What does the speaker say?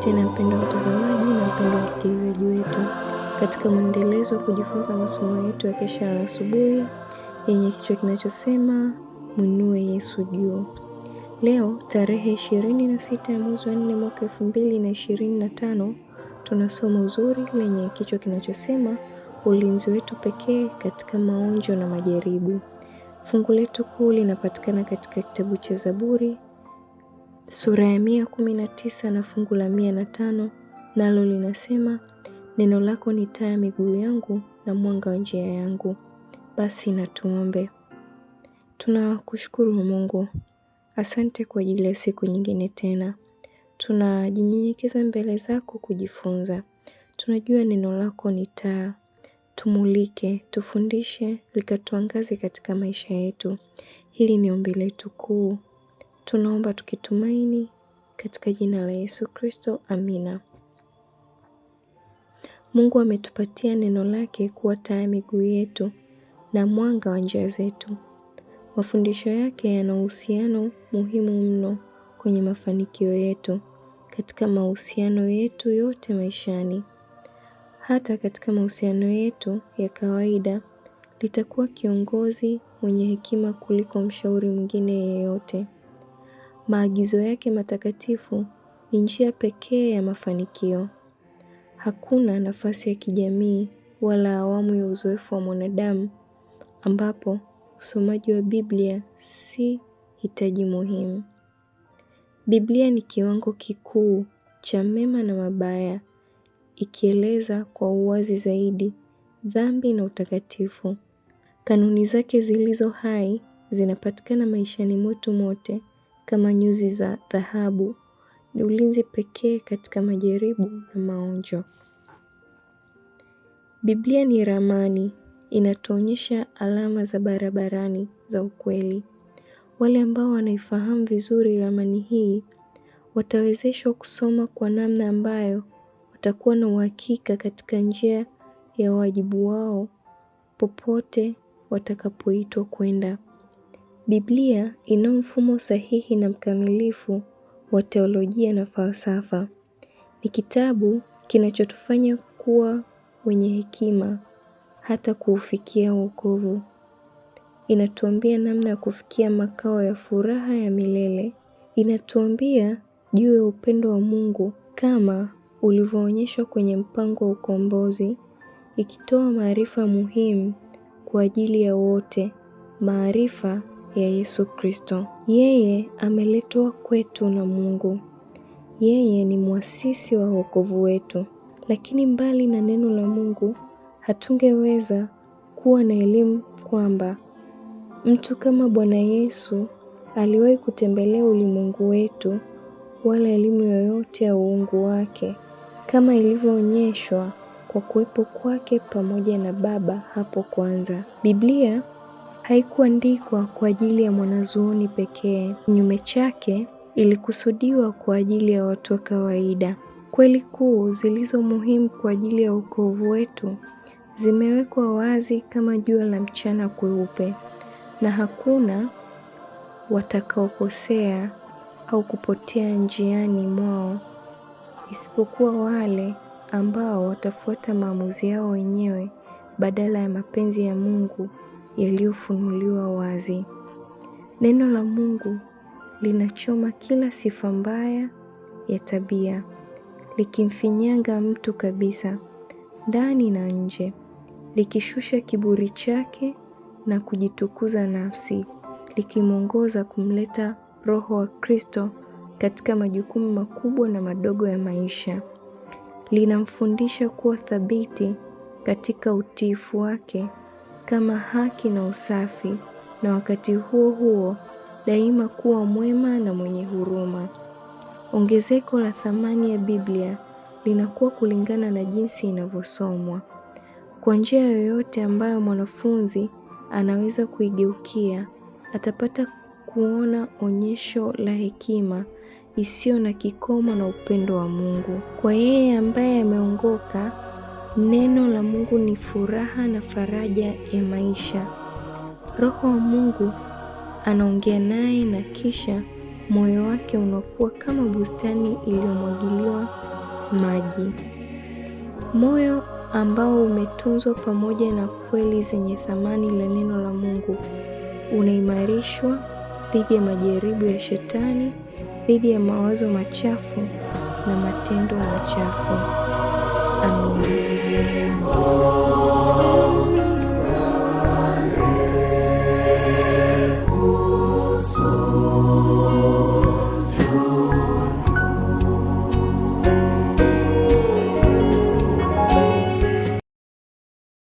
tena mpendo wa mtazamaji na mpendo wa msikilizaji wetu katika mwendelezo wa kujifunza masomo yetu ya kesha ya asubuhi yenye kichwa kinachosema mwinue Yesu juu. Leo tarehe ishirini na sita ya mwezi wa nne mwaka elfu mbili na ishirini na tano tuna somo zuri lenye kichwa kinachosema ulinzi wetu pekee katika maonjo na majaribu. Fungu letu kuu linapatikana katika kitabu cha Zaburi sura ya mia kumi na tisa na fungu la mia na tano nalo linasema neno lako ni taa ya miguu yangu na mwanga wa njia yangu. Basi na tuombe. Tunakushukuru Mungu, asante kwa ajili ya siku nyingine tena. Tunajinyenyekeza mbele zako kujifunza. Tunajua neno lako ni taa, tumulike, tufundishe, likatuangaze katika maisha yetu. Hili ni ombi letu kuu Tunaomba tukitumaini katika jina la Yesu Kristo, amina. Mungu ametupatia neno lake kuwa taa ya miguu yetu na mwanga wa njia zetu. Mafundisho yake yana uhusiano muhimu mno kwenye mafanikio yetu, katika mahusiano yetu yote maishani. Hata katika mahusiano yetu ya kawaida, litakuwa kiongozi mwenye hekima kuliko mshauri mwingine yeyote. Maagizo yake matakatifu ni njia pekee ya mafanikio. Hakuna nafasi ya kijamii wala awamu ya uzoefu wa mwanadamu ambapo usomaji wa Biblia si hitaji muhimu. Biblia ni kiwango kikuu cha mema na mabaya, ikieleza kwa uwazi zaidi dhambi na utakatifu. Kanuni zake zilizo hai zinapatikana maishani mwetu mote kama nyuzi za dhahabu ni ulinzi pekee katika majaribu na maonjo. Biblia ni ramani, inatuonyesha alama za barabarani za ukweli. Wale ambao wanaifahamu vizuri ramani hii watawezeshwa kusoma kwa namna ambayo watakuwa na uhakika katika njia ya wajibu wao popote watakapoitwa kwenda. Biblia ina mfumo sahihi na mkamilifu wa teolojia na falsafa. Ni kitabu kinachotufanya kuwa wenye hekima hata kuufikia wokovu. Inatuambia namna ya kufikia makao ya furaha ya milele. Inatuambia juu ya upendo wa Mungu kama ulivyoonyeshwa kwenye mpango wa ukombozi, ikitoa maarifa muhimu kwa ajili ya wote, maarifa ya Yesu Kristo. Yeye ameletwa kwetu na Mungu. Yeye ni mwasisi wa wokovu wetu. Lakini mbali na neno la Mungu, hatungeweza kuwa na elimu kwamba mtu kama Bwana Yesu aliwahi kutembelea ulimwengu wetu, wala elimu yoyote ya uungu wake kama ilivyoonyeshwa kwa kuwepo kwake pamoja na Baba hapo kwanza. Biblia haikuandikwa kwa ajili ya mwanazuoni pekee. Kinyume chake, ilikusudiwa kwa ajili ya watu wa kawaida. Kweli kuu zilizo muhimu kwa ajili ya wokovu wetu zimewekwa wazi kama jua la mchana kweupe, na hakuna watakaokosea au kupotea njiani mwao isipokuwa wale ambao watafuata maamuzi yao wenyewe badala ya mapenzi ya Mungu yaliyofunuliwa wazi. Neno la Mungu linachoma kila sifa mbaya ya tabia, likimfinyanga mtu kabisa ndani na nje, likishusha kiburi chake na kujitukuza nafsi, likimwongoza kumleta Roho wa Kristo katika majukumu makubwa na madogo ya maisha. Linamfundisha kuwa thabiti katika utiifu wake kama haki na usafi, na wakati huo huo daima kuwa mwema na mwenye huruma. Ongezeko la thamani ya Biblia linakuwa kulingana na jinsi inavyosomwa. Kwa njia yoyote ambayo mwanafunzi anaweza kuigeukia, atapata kuona onyesho la hekima isiyo na kikomo na upendo wa Mungu. Kwa yeye ambaye ameongoka Neno la Mungu ni furaha na faraja ya maisha. Roho wa Mungu anaongea naye na kisha moyo wake unakuwa kama bustani iliyomwagiliwa maji, moyo ambao umetunzwa pamoja na kweli zenye thamani la neno la Mungu unaimarishwa dhidi ya majaribu ya Shetani, dhidi ya mawazo machafu na matendo machafu. Wimbo